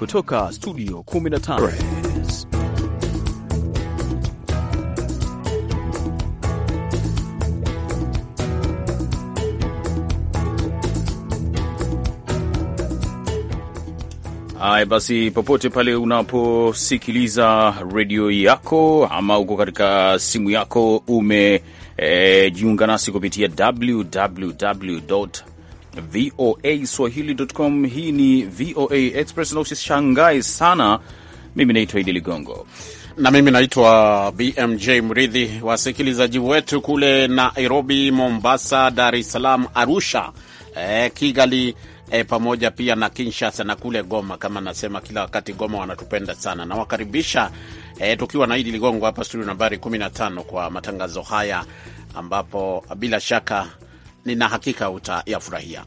kutoka studio 15 Haya basi, popote pale unaposikiliza redio yako ama uko katika simu yako umejiunga eh, e, nasi kupitia www VOA Swahili.com. Hii ni VOA Express na usishangae sana. Mimi naitwa Idi Ligongo na mimi naitwa BMJ Mridhi. Wasikilizaji wetu kule Nairobi, Mombasa, Dar es Salaam, Arusha, eh, Kigali E, pamoja pia na Kinshasa na kule Goma. Kama nasema kila wakati, Goma wanatupenda sana. Nawakaribisha e, tukiwa na Idi Ligongo hapa studio nambari 15 kwa matangazo haya, ambapo bila shaka nina hakika utayafurahia.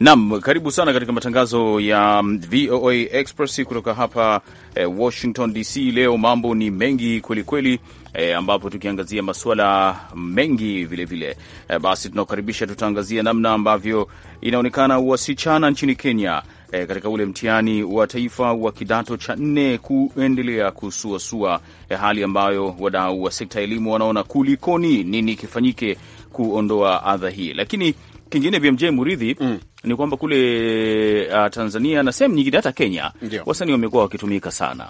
Nam, karibu sana katika matangazo ya mm, VOA Express kutoka hapa eh, Washington DC. Leo mambo ni mengi kwelikweli kweli, eh, ambapo tukiangazia masuala mengi vilevile eh, basi tunaokaribisha tutaangazia namna ambavyo inaonekana wasichana nchini Kenya E, katika ule mtihani wa taifa wa kidato cha nne kuendelea kusuasua, e, hali ambayo wadau wa sekta ya elimu wanaona kulikoni, nini kifanyike kuondoa adha hii, lakini kingine BMJ Muridhi mm. ni kwamba kule uh, Tanzania na sehemu nyingine hata Kenya wasanii wamekuwa wakitumika sana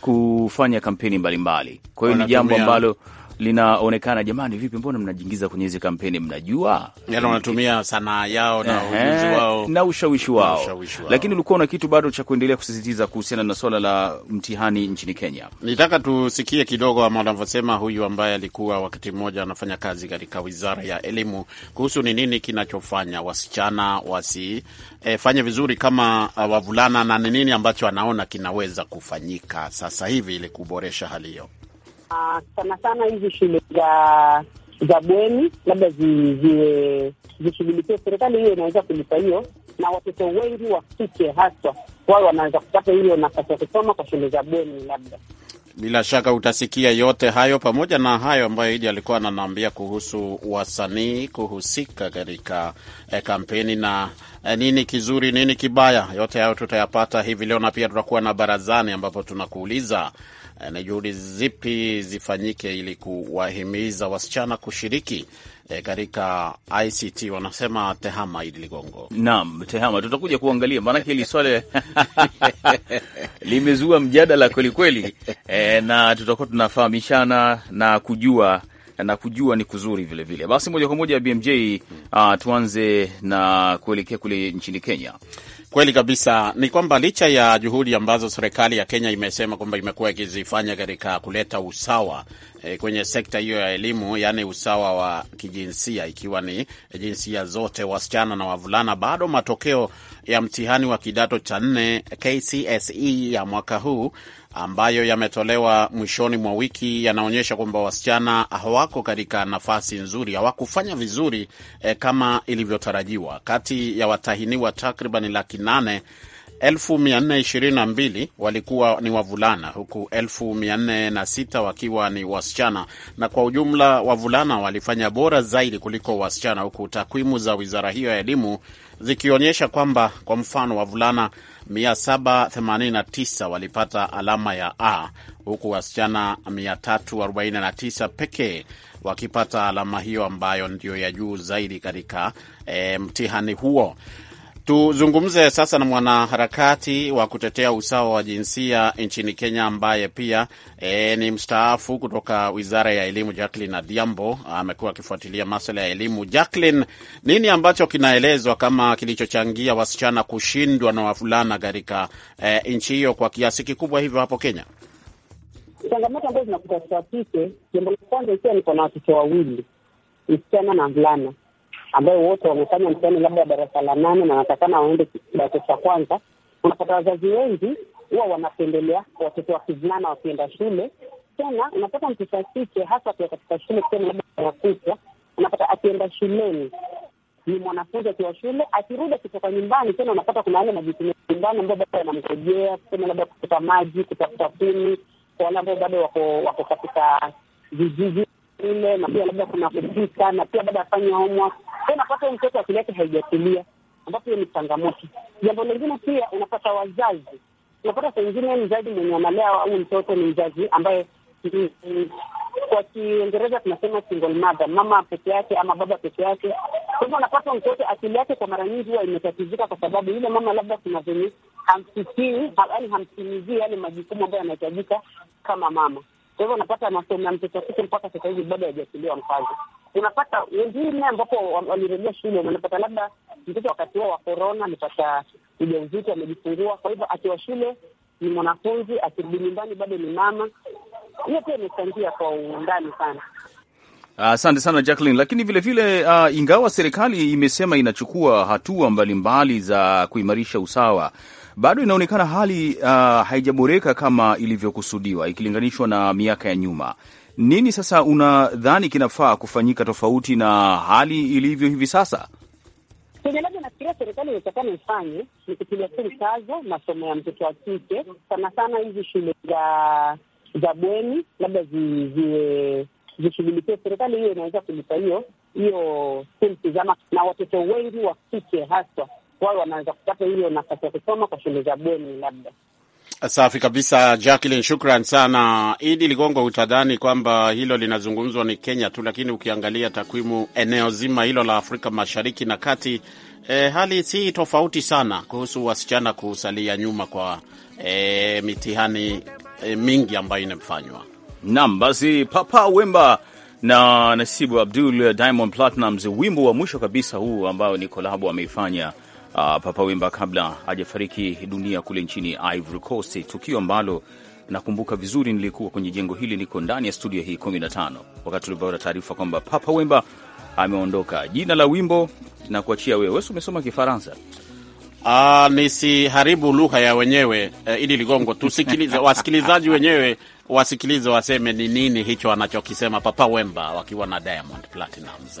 kufanya kampeni mbalimbali. Kwa hiyo ni jambo ambalo linaonekana jamani, vipi, mbona mnajiingiza kwenye hizi kampeni? Mnajua yani wanatumia sanaa yao na ujuzi wao na ushawishi wao, usha wao. Lakini ulikuwa na kitu bado cha kuendelea kusisitiza kuhusiana na swala la mtihani nchini Kenya. Nitaka tusikie kidogo ama wanavyosema huyu ambaye alikuwa wakati mmoja anafanya kazi katika wizara ya elimu kuhusu ni nini kinachofanya wasichana wasifanye eh, e, vizuri kama uh, wavulana na ni nini ambacho anaona kinaweza kufanyika sasa hivi ili kuboresha hali hiyo. Uh, sana sana hizi shule za za bweni labda ziwe zishughulikiwe, serikali hiyo inaweza kulipa hiyo, na watoto wengi wa kike haswa wao wanaweza kupata hiyo nafasi ya kusoma kwa shule za bweni labda. Bila shaka utasikia yote hayo pamoja na hayo ambayo Idi alikuwa ananiambia kuhusu wasanii kuhusika katika e, kampeni na e, nini kizuri, nini kibaya. Yote hayo tutayapata hivi leo, na pia tutakuwa na barazani ambapo tunakuuliza Eh, ni juhudi zipi zifanyike ili kuwahimiza wasichana kushiriki E, katika ICT wanasema tehama. Idi Ligongo, naam, tehama tutakuja kuangalia, maanake hili swala limezua mjadala kwelikweli. E, eh, na tutakuwa tunafahamishana na kujua na kujua ni kuzuri vilevile vile. Basi moja kwa moja BMJ, uh, ah, tuanze na kuelekea kule nchini Kenya. Kweli kabisa ni kwamba licha ya juhudi ambazo serikali ya Kenya imesema kwamba imekuwa ikizifanya katika kuleta usawa e, kwenye sekta hiyo ya elimu, yaani usawa wa kijinsia, ikiwa ni jinsia zote, wasichana na wavulana, bado matokeo ya mtihani wa kidato cha nne KCSE ya mwaka huu ambayo yametolewa mwishoni mwa wiki yanaonyesha kwamba wasichana hawako katika nafasi nzuri, hawakufanya vizuri eh, kama ilivyotarajiwa. Kati ya watahiniwa takriban laki nane 422 walikuwa ni wavulana huku 46 wakiwa ni wasichana, na kwa ujumla wavulana walifanya bora zaidi kuliko wasichana, huku takwimu za wizara hiyo ya elimu zikionyesha kwamba kwa mfano wavulana 789 walipata alama ya A huku wasichana 349 pekee wakipata alama hiyo ambayo ndiyo ya juu zaidi katika e, mtihani huo. Tuzungumze sasa na mwanaharakati wa kutetea usawa wa jinsia nchini Kenya ambaye pia e, ni mstaafu kutoka wizara ya elimu, Jacqueline Adhiambo. Amekuwa akifuatilia maswala ya elimu. Jacqueline, nini ambacho kinaelezwa kama kilichochangia wasichana kushindwa na wavulana katika e, nchi hiyo kwa kiasi kikubwa hivyo hapo Kenya? Changamoto ambazo zinakuta kike, jambo la kwanza ikiwa niko na watoto wawili, msichana na mvulana ambayo wote wamefanya mtihani labda darasa la nane na wanatakana waende kidato cha kwanza, unapata wazazi wengi huwa wanapendelea watoto wa kivulana wakienda shule. Tena unapata mtoto wa kike hasa akiwa katika shule tena labda yakutwa, unapata akienda shuleni ni mwanafunzi akiwa shule, akirudi akitoka nyumbani tena unapata kuna yale majukumu nyumbani ambayo bado yanamgojea, tena labda kukuta maji, kutafuta kuni, kwa wale ambao bado wako wako katika vijiji shule na pia labda kuna kupika na pia baada ya fanya homework, unapata mtoto akili yake haijatulia, ambapo hiyo ni changamoto. Jambo lingine pia unapata wazazi, unapata saa ingine mzazi mwenye analea au mtoto ni mzazi ambaye kwa Kiingereza tunasema single mother, mama peke yake ama baba peke yake. Kwa hivyo unapata mtoto akili yake kwa mara nyingi huwa imetatizika, kwa sababu yule mama labda kuna venye hamsikii, yaani hamtimizii yale majukumu ambayo yanahitajika kama mama. Kwa hivyo unapata masomo ya mtoto kike mpaka sasa hivi bado hajachiliwa mkazi. Unapata wengine ambapo walirejea shule, unapata labda mtoto wakati huo wa korona amepata ujauzito, amejifungua. Kwa hivyo akiwa shule ni mwanafunzi, akirudi nyumbani bado ni mama. Hiyo pia imechangia kwa undani sana. Asante uh, sana Jacqueline. Lakini vilevile vile, uh, ingawa serikali imesema inachukua hatua mbalimbali mbali za kuimarisha usawa bado inaonekana hali uh, haijaboreka kama ilivyokusudiwa ikilinganishwa na miaka ya nyuma. Nini sasa unadhani kinafaa kufanyika tofauti na hali ilivyo hivi sasa? kenye labda nafikiria serikali inatakana ifanye ni kupiga tu mkazo masomo ya mtoto wa kike, sana sana hizi shule za za bweni, labda ziwe zishughulikie, serikali hiyo inaweza kulipa hiyo hiyo, kumtizama na watoto wengi wa kike haswa wao wanaweza kupata hiyo nafasi ya kusoma kwa shule za bweni labda. Safi kabisa, Jacqueline, shukran sana. Idi Ligongo, utadhani kwamba hilo linazungumzwa ni Kenya tu, lakini ukiangalia takwimu eneo zima hilo la Afrika Mashariki na Kati, eh, hali si tofauti sana kuhusu wasichana kusalia nyuma kwa eh, mitihani eh, mingi ambayo inafanywa. Naam, basi Papa Wemba na Nasibu Abdul Diamond Platnumz, wimbo wa mwisho kabisa huu ambao ni kolabo ameifanya Ah, Papa Wemba kabla hajafariki dunia kule nchini Ivory Coast, tukio ambalo nakumbuka vizuri, nilikuwa kwenye jengo hili, niko ndani ya studio hii 15 wakati tulipopata taarifa kwamba Papa Wemba ameondoka. Jina la wimbo na kuachia wewe, wewe umesoma Kifaransa. Uh, nisiharibu lugha ya wenyewe uh, eh, ili ligongo tusikilize wasikilizaji wenyewe wasikilize waseme ni nini hicho anachokisema Papa Wemba wakiwa na Diamond Platinumz.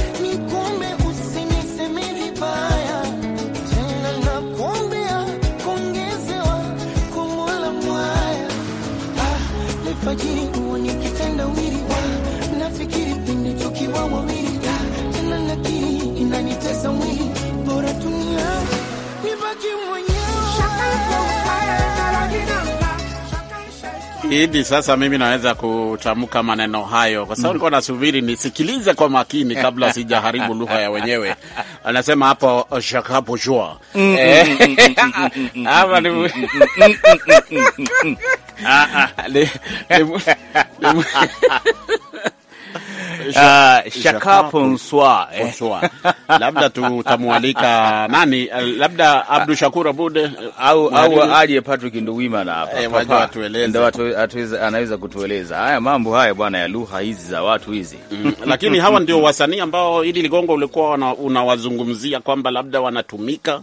alfajiri wili nafikiri pindi tukiwa wawili tena nakiri inanitesa mwili bora nibaki mwenyewe sasa mimi naweza kutamka maneno hayo kwa sababu nilikuwa nasubiri nisikilize kwa makini kabla sijaharibu lugha ya wenyewe. Anasema hapo shakapo jua Shaka Ponswa eh. labda tutamwalika nani, labda Abdu Shakur Abud eh, au au aje Patrick Nduwimana hapa, eh, anaweza kutueleza haya mambo haya bwana ya lugha hizi za watu hizi mm. Lakini hawa ndio wasanii ambao ili ligongo ulikuwa unawazungumzia kwamba labda wanatumika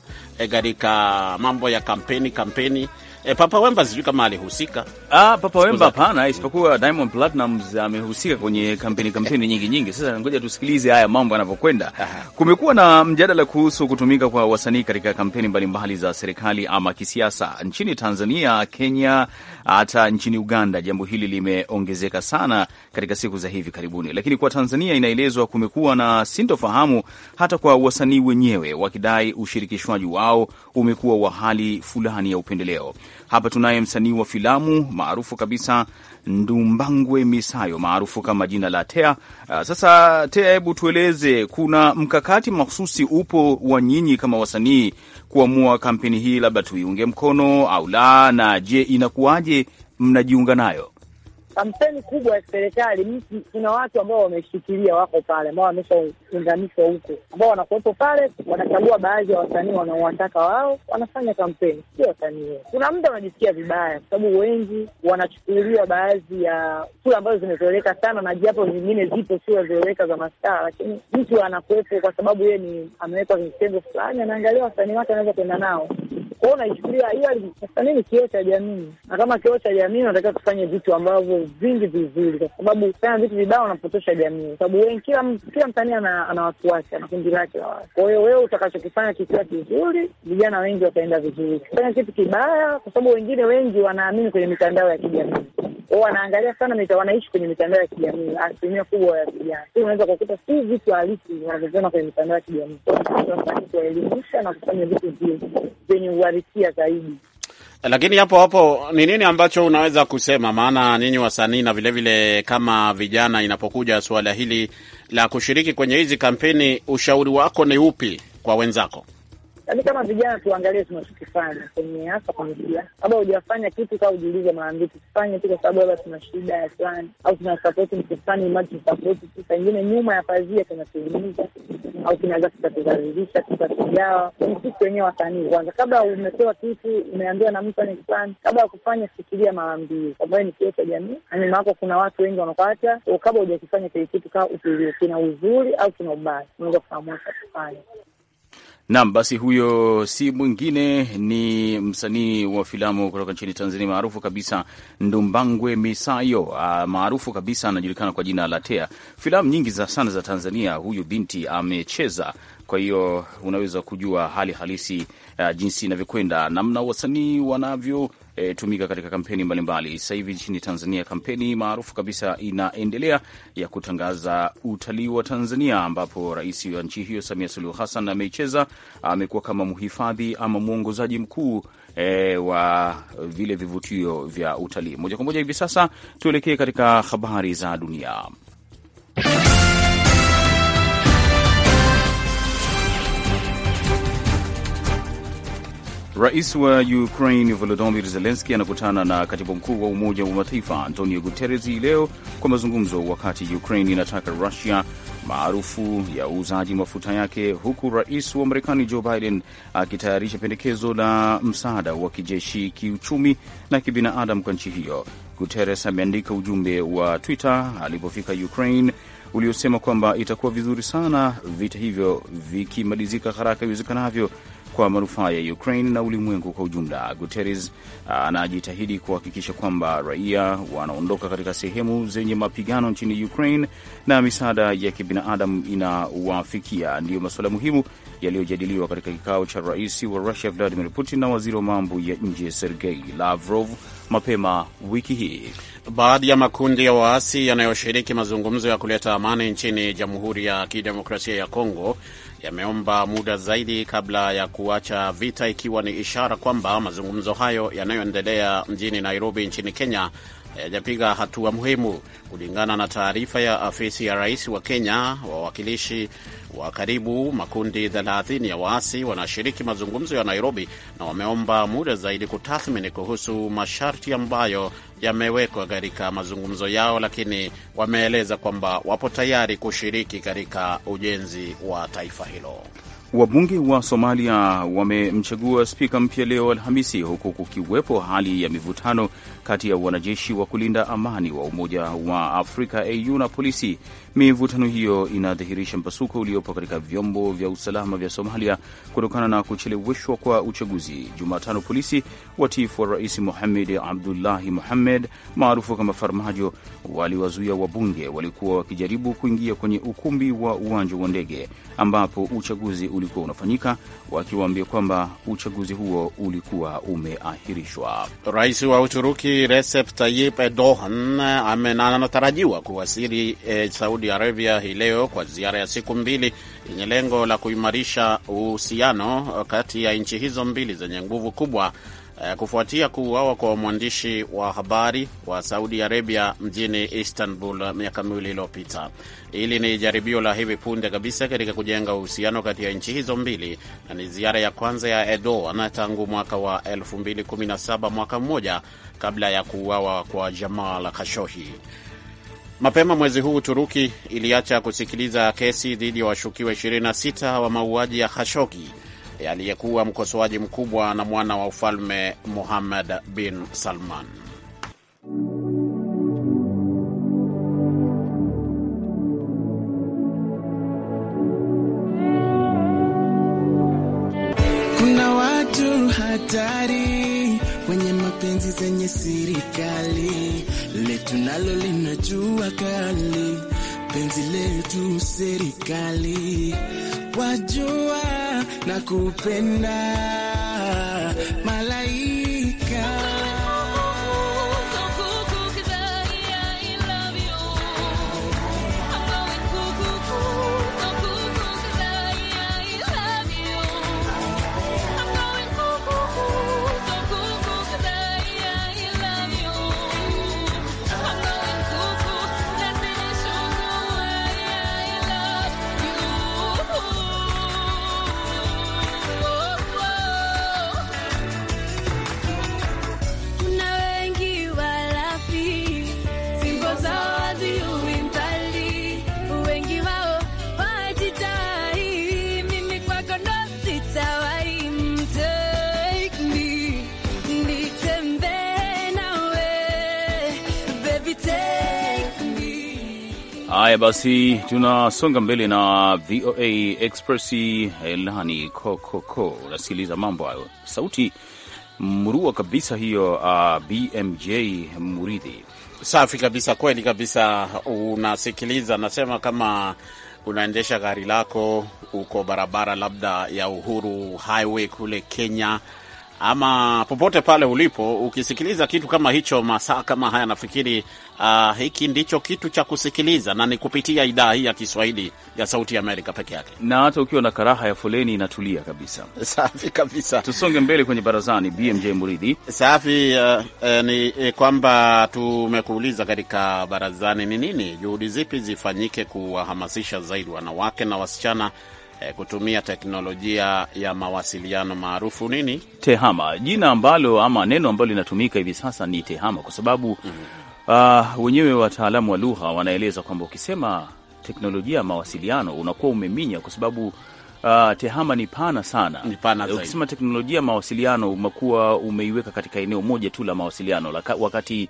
katika mambo ya kampeni kampeni E, Papa Wemba sijui kama alihusika. Ah, Papa Wemba hapana, isipokuwa Diamond Platnumz amehusika kwenye kampeni kampeni nyingi nyingi. Sasa ngoja tusikilize haya mambo yanavyokwenda. Kumekuwa na mjadala kuhusu kutumika kwa wasanii katika kampeni mbalimbali za serikali ama kisiasa nchini Tanzania, Kenya, hata nchini Uganda. Jambo hili limeongezeka sana katika siku za hivi karibuni, lakini kwa Tanzania inaelezwa kumekuwa na sintofahamu hata kwa wasanii wenyewe, wakidai ushirikishwaji wao umekuwa wa hali fulani ya upendeleo. Hapa tunaye msanii wa filamu maarufu kabisa Ndumbangwe Misayo maarufu kama jina la Tea. Ah, sasa Tea, hebu tueleze, kuna mkakati mahususi upo wa nyinyi kama wasanii kuamua kampeni hii labda tuiunge mkono au la, na je, inakuwaje mnajiunga nayo? kampeni kubwa ya serikali mtu, kuna watu ambao wameshikilia wako pale, ambao wameshaunganishwa huko, ambao wanakuwepo pale, wanachagua baadhi ya wasanii wanaowataka wao, wanafanya kampeni, sio wasanii wao. Kuna muda wanajisikia vibaya, kwa sababu wengi wanachukuliwa baadhi ya sura ambazo zimezoeleka sana, na japo zingine zipo sio zoeleka za mastaa, lakini mtu anakuwepo kwa sababu yeye ni amewekwa kwenye kitengo fulani, anaangalia wasanii wake anaweza kwenda nao kwao naichukulia hiyo sasa nini kioo cha jamii, na kama kioo cha jamii unatakiwa tufanye vitu ambavyo vingi vizuri, kwa sababu fanya vitu vibaya unapotosha jamii, kwa sababu wengi, kila kila msanii ana watu wake, ana kundi lake la watu. Kwa hiyo wewe utakachokifanya kikiwa kizuri, vijana wengi wataenda vizuri. Kufanya kitu kibaya, kwa sababu wengine wengi wanaamini kwenye mitandao ya kijamii wanaangalia sana mita, wanaishi kwenye mitandao ya kijamii, asilimia kubwa ya vijana. Sio unaweza kukuta si vitu halisi wanavyoviona kwenye mitandao ya kijamii. Kuwaelimisha na kufanya vitu vyenye uhalisia zaidi. Lakini hapo hapo ni nini ambacho unaweza kusema? Maana ninyi wasanii na vilevile vile kama vijana, inapokuja suala hili la kushiriki kwenye hizi kampeni, ushauri wako ni upi kwa wenzako? Lakini kama vijana tuangalie tunachokifanya kwenye hasa kwenye siasa. Kama hujafanya kitu kaa ujiulize mara mbili, tusifanye tu kwa sababu labda tuna shida ya fulani au tuna tunasapoti mtu fulani, maji tusapoti tu, saa nyuma ya pazia tunazungumza au kinaweza kikatudhalilisha, tukatugawa. Ni sisi wenyewe wasanii kwanza, kabla umepewa kitu, umeambiwa na mtu fulani, kabla ya kufanya fikiria mara mbili, kwa sababu ni kioo cha jamii na yaani nyuma yako kuna watu wengi wanakuacha. Kabla hujakifanya kile kitu, kaa utulie, kina uzuri au kina ubaya, unaweza kuamua kufanya Nam, basi huyo si mwingine ni msanii wa filamu kutoka nchini Tanzania maarufu kabisa Ndumbangwe Misayo, ah, maarufu kabisa anajulikana kwa jina la Tea. Filamu nyingi za sana za Tanzania huyu binti amecheza, kwa hiyo unaweza kujua hali halisi uh, jinsi inavyokwenda, namna wasanii wanavyo e, tumika katika kampeni mbalimbali. Sasa hivi nchini Tanzania kampeni maarufu kabisa inaendelea ya kutangaza utalii wa Tanzania, ambapo rais wa nchi hiyo Samia Suluhu Hassan ameicheza, amekuwa kama mhifadhi ama mwongozaji mkuu e, wa vile vivutio vya utalii. Moja kwa moja hivi sasa tuelekee katika habari za dunia. Rais wa Ukraine Volodymyr Zelensky anakutana na katibu mkuu wa Umoja wa Mataifa Antonio Guterres hii leo kwa mazungumzo, wakati Ukraine inataka Rusia maarufu ya uuzaji mafuta yake, huku rais wa Marekani Joe Biden akitayarisha pendekezo la msaada wa kijeshi, kiuchumi na kibinadamu kwa nchi hiyo. Guterres ameandika ujumbe wa Twitter alipofika Ukraine uliosema kwamba itakuwa vizuri sana vita hivyo vikimalizika haraka iwezekanavyo kwa manufaa ya Ukraine na ulimwengu kwa ujumla. Guterres ah, anajitahidi kuhakikisha kwamba raia wanaondoka katika sehemu zenye mapigano nchini Ukraine na misaada ya kibinadamu inawafikia. Ndiyo masuala muhimu yaliyojadiliwa katika kikao cha rais wa Russia Vladimir Putin na waziri wa mambo ya nje Sergei Lavrov mapema wiki hii. Baadhi ya makundi ya waasi yanayoshiriki mazungumzo ya kuleta amani nchini Jamhuri ya Kidemokrasia ya Kongo yameomba muda zaidi kabla ya kuacha vita, ikiwa ni ishara kwamba mazungumzo hayo yanayoendelea mjini Nairobi nchini Kenya hayajapiga hatua muhimu. Kulingana na taarifa ya afisi ya rais wa Kenya, wawakilishi wa karibu makundi 30 ya waasi wanashiriki mazungumzo ya Nairobi na wameomba muda zaidi kutathmini kuhusu masharti ambayo yamewekwa katika mazungumzo yao, lakini wameeleza kwamba wapo tayari kushiriki katika ujenzi wa taifa hilo. Wabunge wa Somalia wamemchagua spika mpya leo Alhamisi, huku kukiwepo hali ya mivutano kati ya wanajeshi wa kulinda amani wa Umoja wa Afrika AU na polisi Mivutano hiyo inadhihirisha mpasuko uliopo katika vyombo vya usalama vya Somalia kutokana na kucheleweshwa kwa uchaguzi. Jumatano, polisi watiifu wa Rais Mohamed Abdullahi Mohamed maarufu kama Farmajo waliwazuia wabunge walikuwa wakijaribu kuingia kwenye ukumbi wa uwanja wa ndege ambapo uchaguzi ulikuwa unafanyika, wakiwaambia kwamba uchaguzi huo ulikuwa umeahirishwa. Rais wa Uturuki Recep Tayyip Erdogan anatarajiwa kuwasili eh, Saudi Saudi Arabia hii leo kwa ziara ya siku mbili yenye lengo la kuimarisha uhusiano kati ya nchi hizo mbili zenye nguvu kubwa eh, kufuatia kuuawa kwa mwandishi wa habari wa Saudi Arabia mjini Istanbul miaka miwili iliyopita. Hili ni jaribio la hivi punde kabisa katika kujenga uhusiano kati ya nchi hizo mbili na ni ziara ya kwanza ya Erdogan tangu mwaka wa 2017, mwaka mmoja kabla ya kuuawa kwa Jamal Khashoggi. Mapema mwezi huu Uturuki iliacha kusikiliza kesi dhidi ya washukiwa 26 wa mauaji ya Khashogi aliyekuwa mkosoaji mkubwa na mwana wa ufalme Muhammad bin Salman. Kuna watu hatari kwenye mapenzi zenye sirikali letu nalo linajua kali penzi letu serikali wajua na kupenda Haya basi, tunasonga mbele na VOA Express. Elani kokoko, unasikiliza mambo hayo, sauti murua kabisa hiyo. Uh, ah, BMJ Muridhi, safi kabisa, kweli kabisa. Unasikiliza nasema kama unaendesha gari lako uko barabara labda ya Uhuru Highway kule Kenya ama popote pale ulipo, ukisikiliza kitu kama hicho masaa kama haya, nafikiri uh, hiki ndicho kitu cha kusikiliza na ni kupitia idhaa hii ya Kiswahili ya Sauti ya Amerika peke yake, na hata ukiwa na karaha ya foleni inatulia kabisa. Safi kabisa, tusonge mbele kwenye barazani. BMJ Muridhi, safi. Uh, eh, ni eh, kwamba tumekuuliza katika barazani ni nini, juhudi zipi zifanyike kuwahamasisha zaidi wanawake na wasichana eh, kutumia teknolojia ya mawasiliano maarufu nini, TEHAMA, jina ambalo ama neno ambalo linatumika hivi sasa ni TEHAMA kwa sababu mm -hmm. Uh, wenyewe wataalamu wa lugha wanaeleza kwamba ukisema teknolojia ya mawasiliano unakuwa umeminya kwa sababu uh, tehama ni pana sana, ni pana zaidi. Ukisema teknolojia mawasiliano, umekuwa umeiweka katika eneo moja tu la mawasiliano laka, wakati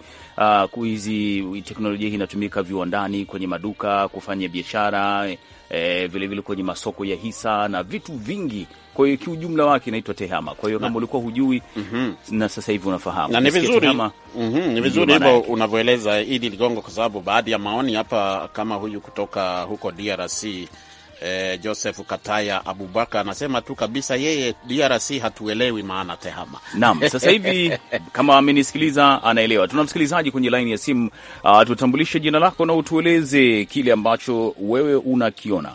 uh, hizi teknolojia hii inatumika viwandani, kwenye maduka, kufanya biashara eh, vilevile kwenye masoko ya hisa na vitu vingi kwa hiyo kiujumla wake inaitwa tehama. Kwa hiyo kama ulikuwa hujui mm -hmm. na sasa hivi unafahamu na ni vizuri mm -hmm. hivyo unavyoeleza Idi Ligongo, kwa sababu baadhi ya maoni hapa kama huyu kutoka huko DRC eh, Joseph Kataya Abubakar anasema tu kabisa yeye DRC hatuelewi maana tehama. Naam, sasa hivi kama amenisikiliza anaelewa. Tuna msikilizaji kwenye laini ya simu. Uh, tutambulishe jina lako na utueleze kile ambacho wewe unakiona.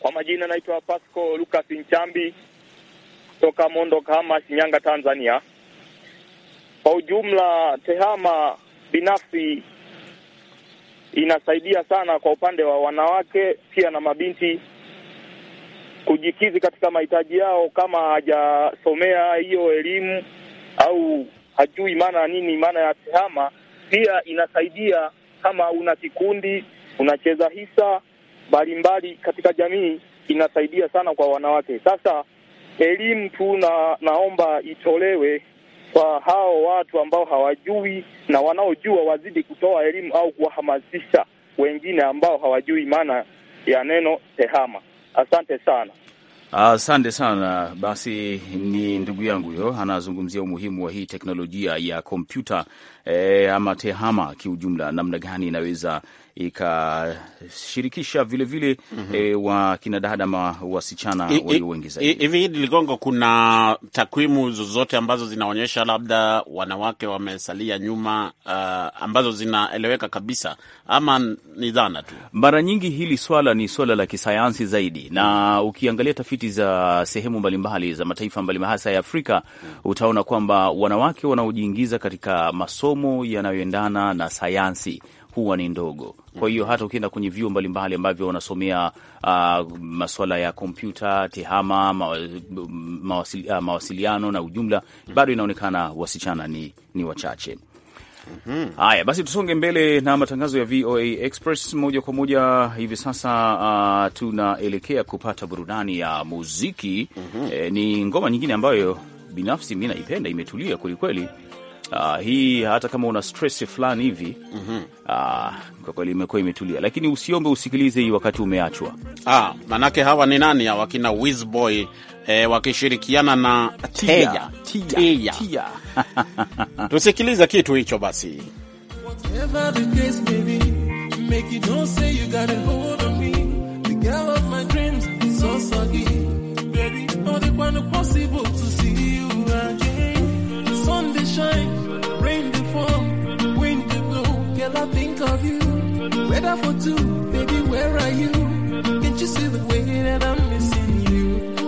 Kwa majina naitwa Pasco Lucas Nchambi toka Mondo Kama, Shinyanga, Tanzania. Kwa ujumla tehama binafsi inasaidia sana kwa upande wa wanawake pia na mabinti kujikizi katika mahitaji yao, kama hajasomea hiyo elimu au hajui maana nini maana ya tehama. Pia inasaidia kama una kikundi unacheza hisa mbalimbali katika jamii, inasaidia sana kwa wanawake. Sasa elimu tu na naomba itolewe kwa hao watu ambao hawajui na wanaojua wazidi kutoa elimu au kuwahamasisha wengine ambao hawajui maana ya neno tehama. Asante sana. Asante sana. Basi ni ndugu yangu huyo anazungumzia umuhimu wa hii teknolojia ya kompyuta e, ama tehama kiujumla, namna gani inaweza ikashirikisha vilevile mm -hmm. e, eh, wakinadada ma wasichana walio wengi zaidi. Hivi Idi Ligongo, kuna takwimu zozote ambazo zinaonyesha labda wanawake wamesalia nyuma uh, ambazo zinaeleweka kabisa ama ni dhana tu? Mara nyingi hili swala ni swala la kisayansi zaidi, na ukiangalia tafiti za sehemu mbalimbali za mataifa mbalimbali hasa ya Afrika utaona kwamba wanawake wanaojiingiza katika masomo yanayoendana na sayansi huwa ni ndogo. Kwa hiyo hata ukienda kwenye vyuo mbalimbali ambavyo wanasomea uh, ah, masuala ya kompyuta, tehama, mawasili, uh, mawasiliano na ujumla, bado inaonekana wasichana ni, ni wachache. Mm haya -hmm. Basi tusonge mbele na matangazo ya VOA Express moja kwa moja hivi sasa. Uh, tunaelekea kupata burudani ya muziki mm -hmm. E, ni ngoma nyingine ambayo binafsi mi naipenda, imetulia kwelikweli Uh, hii hata kama una stress fulani hivi mm -hmm. Uh, kwa kweli imekuwa imetulia, lakini usiombe usikilize hii wakati umeachwa. Ah, manake hawa ni nani hawa kina Wizboy eh, wakishirikiana na Tia, Tia, Tia. Tia. Tusikilize kitu hicho basi. I think of you. Whether for two, baby, where are you? Can't you see the way that I'm missing you?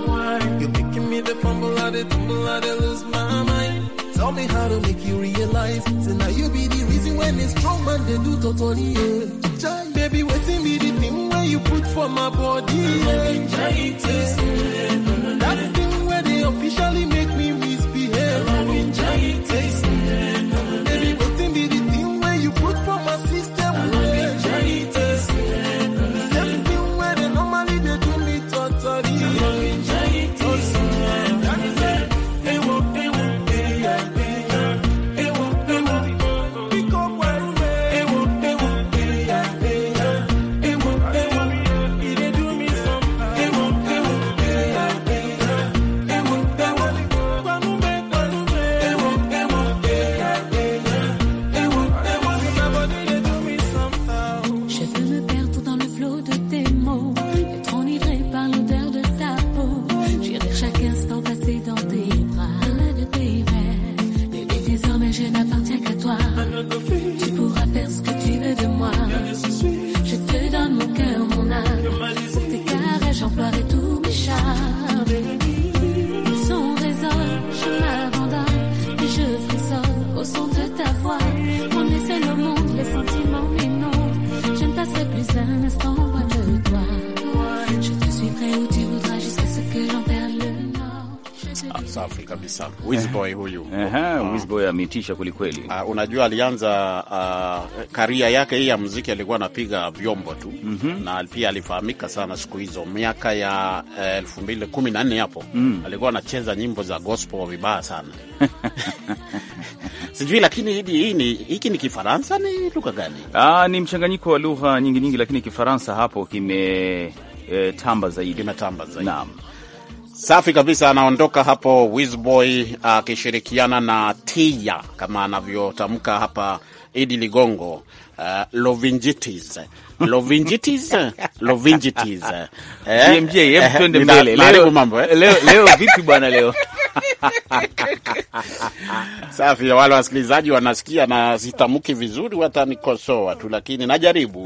Why? You're making me the fumble, I the tumble, I the lose my mind. Tell me how to make you realize. So now you be the reason when it's strong man, they do totally. Yeah. Baby, waiting me the thing where you put for my body. Yeah. That thing where they officially make me real. Boy huyu. Aha, uh, Wiz Boy ametisha kwelikweli. Uh, ah, unajua alianza uh, ah, karia yake hii ya muziki alikuwa anapiga vyombo tu mm -hmm. na pia alifahamika sana siku hizo miaka ya eh, elfu mbili kumi na nne hapo mm. alikuwa anacheza nyimbo za gospel vibaya sana sijui lakini hii ni hiki ni Kifaransa ni lugha gani? Ah, ni mchanganyiko wa lugha nyingi nyingi, lakini Kifaransa hapo kime eh, tamba zaidi, kimetamba zaidi. Naam. Safi kabisa, anaondoka hapo Wizboy akishirikiana uh, na Tia kama anavyotamka hapa Idi Ligongo. Uh, Lovingitis Lovingitis Lovingitis, eh, GMJ, hebu eh, twende eh, mbele leo, eh? leo, leo vipi bwana leo Safi, wale wasikilizaji wanasikia na sitamki vizuri, watanikosoa tu, lakini najaribu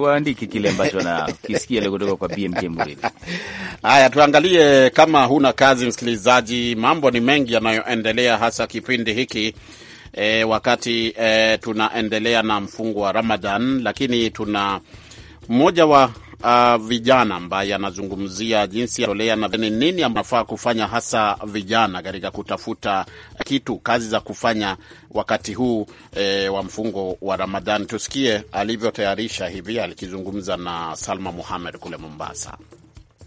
waandiki kile ambacho nakisikia leo kutoka kwa BMJ Mridhi. Haya, tuangalie kama huna kazi, msikilizaji. Mambo ni mengi yanayoendelea hasa kipindi hiki e, wakati e, tunaendelea na mfungo wa Ramadan, lakini tuna mmoja wa uh, vijana ambaye anazungumzia jinsi yatolea na ni nini anafaa kufanya hasa vijana katika kutafuta kitu kazi za kufanya wakati huu e, wa mfungo wa Ramadhani. Tusikie alivyotayarisha hivi alikizungumza na Salma Muhamed kule Mombasa.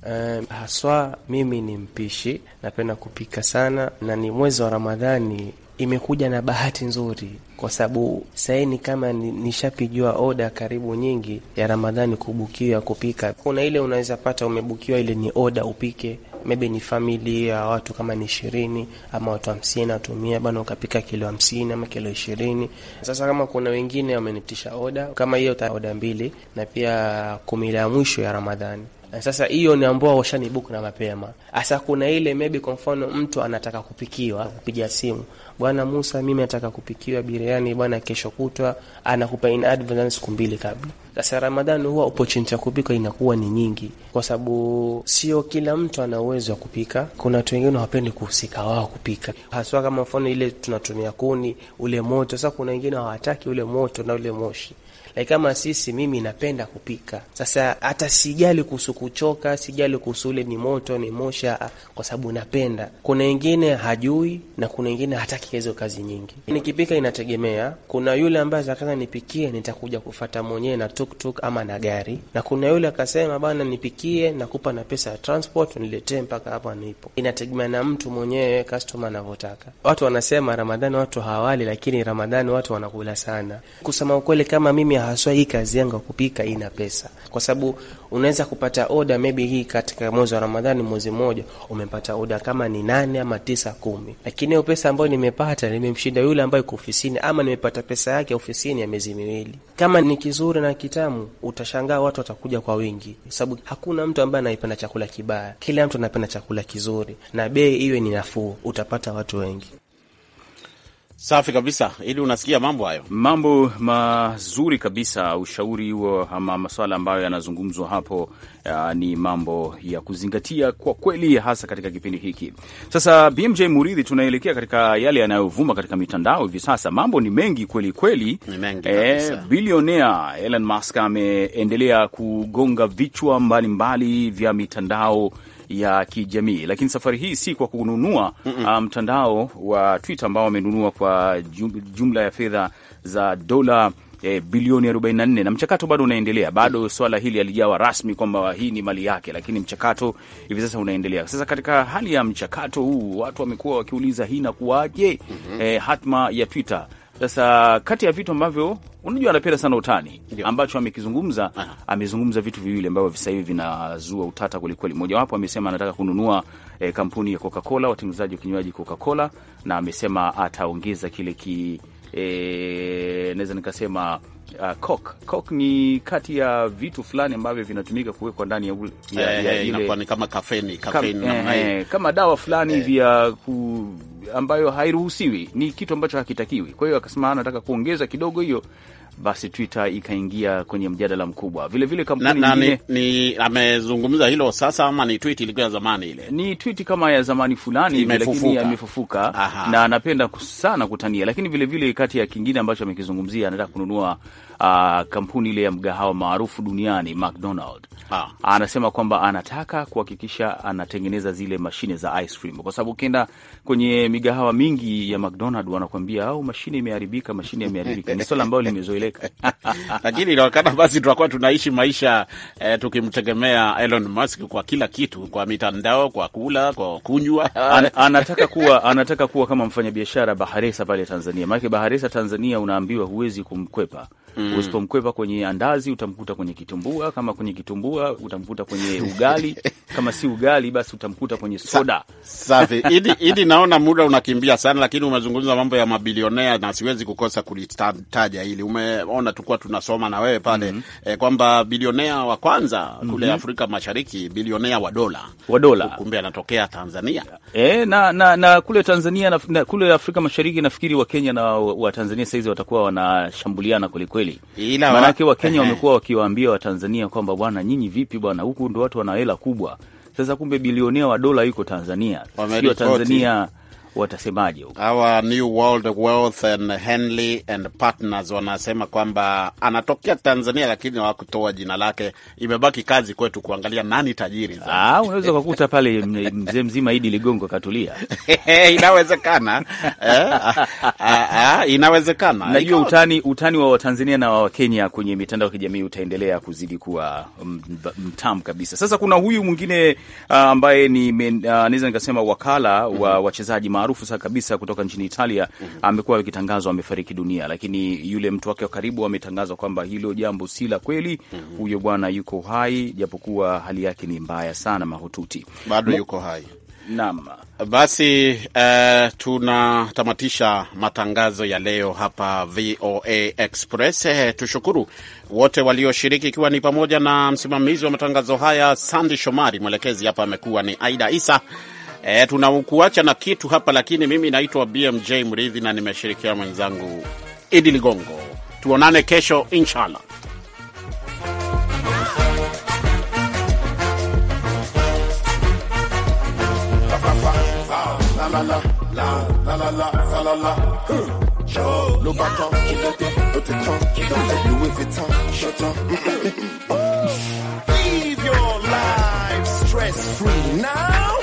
Um, haswa mimi ni mpishi, napenda kupika sana, na ni mwezi wa Ramadhani imekuja na bahati nzuri kwa sababu sahii ni kama nishapigiwa oda karibu nyingi ya Ramadhani kubukiwa kupika. Kuna ile unaweza pata umebukiwa, ile ni oda upike, maybe ni famili ya watu kama ni ishirini ama watu hamsini, natumia bana, ukapika kilo hamsini ama kilo ishirini. Sasa kama kuna wengine wamenitisha oda kama hiyo, oda mbili na pia kumi la mwisho ya Ramadhani Eh, sasa hiyo ni ambao washanibuku na mapema. Sasa kuna ile maybe, kwa mfano mtu anataka kupikiwa, kupiga simu, bwana Musa, mimi nataka kupikiwa biriani bwana, kesho kutwa, anakupa in advance siku mbili kabla sasa Ramadhani huwa opportunity ya kupika inakuwa ni nyingi, kwa sababu sio kila mtu ana uwezo wa kupika. Kuna watu wengine hawapendi kuhusika wao kupika, haswa kama mfano ile tunatumia kuni, ule moto. Sasa kuna wengine hawataki ule moto na ule moshi Like kama sisi, mimi napenda kupika. Sasa hata sijali kuhusu kuchoka, sijali kuhusu ule ni moto ni mosha, kwa sababu napenda. Kuna wengine hajui na kuna wengine hataki hizo kazi nyingi. Nikipika inategemea, kuna yule ambaye atakaza nipikie, nitakuja kufata mwenyewe na tuktuk ama na gari, na kuna yule akasema bana, nipikie nakupa na pesa ya transport niletee mpaka hapa nipo. Inategemea na mtu mwenyewe customer anavyotaka. Watu wanasema Ramadhani watu hawali, lakini Ramadhani watu wanakula sana. Kusema ukweli, kama mimi haswa, hii kazi yangu ya kupika ina pesa kwa sababu unaweza kupata oda maybe hii katika mwezi wa Ramadhani, mwezi mmoja umepata oda kama ni nane ama tisa kumi, lakini hiyo pesa ambayo nimepata nimemshinda yule ambaye iko ofisini, ama nimepata pesa yake ofisini ya miezi miwili. Kama ni kizuri na kitamu, utashangaa watu watakuja kwa wingi, sababu hakuna mtu ambaye anaipenda chakula kibaya. Kila mtu anapenda chakula kizuri, na bei iwe ni nafuu, utapata watu wengi. Safi kabisa, ili unasikia mambo hayo, mambo mazuri kabisa. Ushauri huo ama maswala ambayo yanazungumzwa hapo ya, ni mambo ya kuzingatia kwa kweli, hasa katika kipindi hiki. Sasa BMJ Muridhi, tunaelekea katika yale yanayovuma katika mitandao hivi sasa. Mambo ni mengi kweli kweli, ni mengi eh, kabisa. E, bilionea Elon Musk ameendelea kugonga vichwa mbalimbali mbali vya mitandao ya kijamii. Lakini safari hii si kwa kununua ah, mtandao um, wa Twitter ambao wamenunua kwa jumla ya fedha za dola E, bilioni 44 na mchakato bado unaendelea, bado swala hili alijawa rasmi kwamba hii ni mali yake, lakini mchakato hivi sasa unaendelea. Sasa katika hali ya mchakato huu, watu wamekuwa wakiuliza hii inakuwaje? mm -hmm. E, hatma ya Twitter sasa kati ya vitu ambavyo unajua anapenda sana utani Ndiyo. ambacho amekizungumza, amezungumza vitu viwili ambavyo sasa hivi vinazua utata kwelikweli. Mojawapo amesema anataka kununua eh, kampuni ya Coca-Cola, watengenezaji wa kinywaji Coca-Cola, na amesema ataongeza kile ki eh, naweza nikasema uh, cork. Cork ni kati ya vitu fulani ambavyo vinatumika kuwekwa ndani ya, ya, hey, eh, ya eh, ile ni kama kafeni, kafeni kam, eh, eh, kama dawa fulani hey, vya ku, ambayo hairuhusiwi, ni kitu ambacho hakitakiwi. Kwa hiyo akasema anataka kuongeza kidogo hiyo basi Twitter ikaingia kwenye mjadala mkubwa vilevile. Kampuni na, na, ni, ni amezungumza hilo sasa, ama ni tweet ilikuwa ya zamani? Ile ni tweet kama ya zamani fulani, lakini amefufuka na anapenda sana kutania. Lakini vilevile kati ya kingine ambacho amekizungumzia, anataka kununua uh, kampuni ile ya mgahawa maarufu duniani McDonald. Ha. Ah. Anasema kwamba anataka kuhakikisha anatengeneza zile mashine za ice cream, kwa sababu ukienda kwenye migahawa mingi ya McDonald wanakuambia au mashine imeharibika, mashine imeharibika. Ni swala ambalo limezoeleka kupeleka lakini inaonekana basi tunakuwa tunaishi maisha eh, tukimtegemea Elon Musk kwa kila kitu, kwa mitandao, kwa kula, kwa kunywa. An anataka kuwa anataka kuwa kama mfanyabiashara baharesa pale Tanzania, maanake baharesa Tanzania unaambiwa huwezi kumkwepa Mm. Usipomkwepa kwenye andazi utamkuta kwenye kitumbua, kama kwenye kitumbua utamkuta kwenye ugali, kama si ugali basi utamkuta kwenye soda. Safi. Idi, Idi, naona muda unakimbia sana, lakini umezungumza mambo ya mabilionea na siwezi kukosa kulitaja hili. Umeona tukuwa tunasoma na wewe pale mm -hmm. eh, kwamba bilionea wa kwanza kule mm -hmm. Afrika Mashariki, bilionea wa dola wa dola, kumbe anatokea Tanzania eh, na, na, na kule Tanzania na, na, kule Afrika Mashariki nafikiri wa Kenya na wa Tanzania saizi watakuwa wanashambuliana kwelikweli kweli, maanake Wakenya wamekuwa wakiwaambia Watanzania kwamba bwana, nyinyi vipi bwana, huku ndo watu wana hela kubwa. Sasa kumbe bilionea wa dola yuko Tanzania, sio Tanzania watasemaje huko? Hawa New World Wealth and Henley and Partners wanasema kwamba anatokea Tanzania, lakini hawakutoa jina lake. Imebaki kazi kwetu kuangalia nani tajiri zaidi. Ah, unaweza kukuta pale mzee mzima Idi Ligongo katulia. Inawezekana eh, ah, ah, ah, inawezekana. Najua utani, utani wa Watanzania na wa Wakenya kwenye mitandao ya kijamii utaendelea kuzidi kuwa mtamu kabisa. Sasa kuna huyu mwingine ambaye ni uh, naweza nikasema wakala wa mhm. wachezaji maarufu saa kabisa kutoka nchini Italia mm -hmm. amekuwa akitangazwa amefariki dunia, lakini yule mtu wake wa karibu ametangazwa kwamba hilo jambo si la kweli. mm -hmm. Huyo bwana yuko hai, japokuwa hali yake ni mbaya sana, mahututi, bado yuko hai. Naam, basi eh, tunatamatisha matangazo ya leo hapa VOA Express. Eh, tushukuru wote walioshiriki, ikiwa ni pamoja na msimamizi wa matangazo haya Sandi Shomari, mwelekezi hapa amekuwa ni Aida Isa. E, tunakuacha na kitu hapa lakini, mimi naitwa BMJ Mridhi na nimeshirikiana mwenzangu Idi Ligongo. Tuonane kesho inshallah. Live stress free now